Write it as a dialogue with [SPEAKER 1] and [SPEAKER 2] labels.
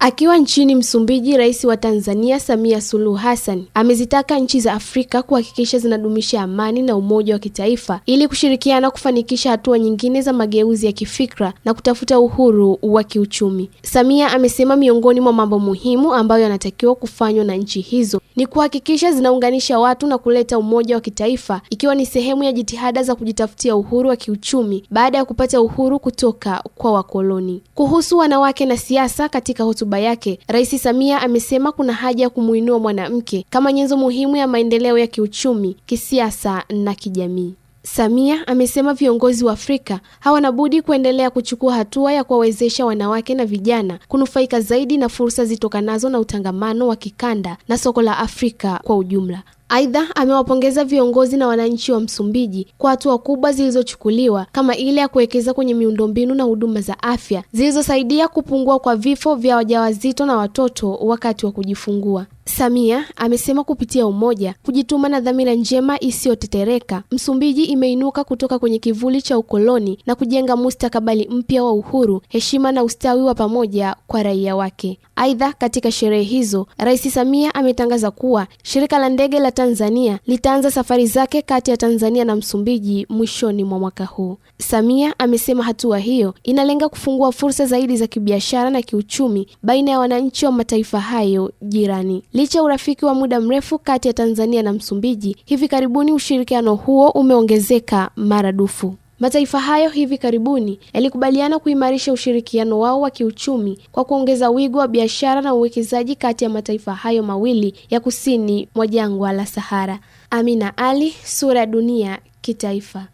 [SPEAKER 1] Akiwa nchini Msumbiji, Rais wa Tanzania Samia Suluhu Hassan amezitaka nchi za Afrika kuhakikisha zinadumisha amani na umoja wa kitaifa ili kushirikiana kufanikisha hatua nyingine za mageuzi ya kifikra na kutafuta uhuru wa kiuchumi. Samia amesema miongoni mwa mambo muhimu ambayo yanatakiwa kufanywa na nchi hizo ni kuhakikisha zinaunganisha watu na kuleta umoja wa kitaifa ikiwa ni sehemu ya jitihada za kujitafutia uhuru wa kiuchumi baada ya kupata uhuru kutoka kwa wakoloni. Kuhusu wanawake na siasa katika hotuba hotuba yake, Rais Samia amesema kuna haja ya kumuinua mwanamke kama nyenzo muhimu ya maendeleo ya kiuchumi, kisiasa na kijamii. Samia amesema viongozi wa Afrika hawana budi kuendelea kuchukua hatua ya kuwawezesha wanawake na vijana kunufaika zaidi na fursa zitokanazo na utangamano wa kikanda na soko la Afrika kwa ujumla. Aidha, amewapongeza viongozi na wananchi wa Msumbiji kwa hatua kubwa zilizochukuliwa kama ile ya kuwekeza kwenye miundombinu na huduma za afya zilizosaidia kupungua kwa vifo vya wajawazito na watoto wakati wa kujifungua. Samia amesema kupitia umoja, kujituma na dhamira njema isiyotetereka, Msumbiji imeinuka kutoka kwenye kivuli cha ukoloni na kujenga mustakabali mpya wa uhuru, heshima na ustawi wa pamoja kwa raia wake. Aidha, katika sherehe hizo, Rais Samia ametangaza kuwa shirika la ndege la Tanzania litaanza safari zake kati ya Tanzania na Msumbiji mwishoni mwa mwaka huu. Samia amesema hatua hiyo inalenga kufungua fursa zaidi za kibiashara na kiuchumi baina ya wananchi wa mataifa hayo jirani. Licha ya urafiki wa muda mrefu kati ya Tanzania na Msumbiji, hivi karibuni ushirikiano huo umeongezeka maradufu. Mataifa hayo hivi karibuni yalikubaliana kuimarisha ushirikiano wao wa kiuchumi kwa kuongeza wigo wa biashara na uwekezaji kati ya mataifa hayo mawili ya kusini mwa jangwa la Sahara. Amina Ali, Sura ya Dunia Kitaifa.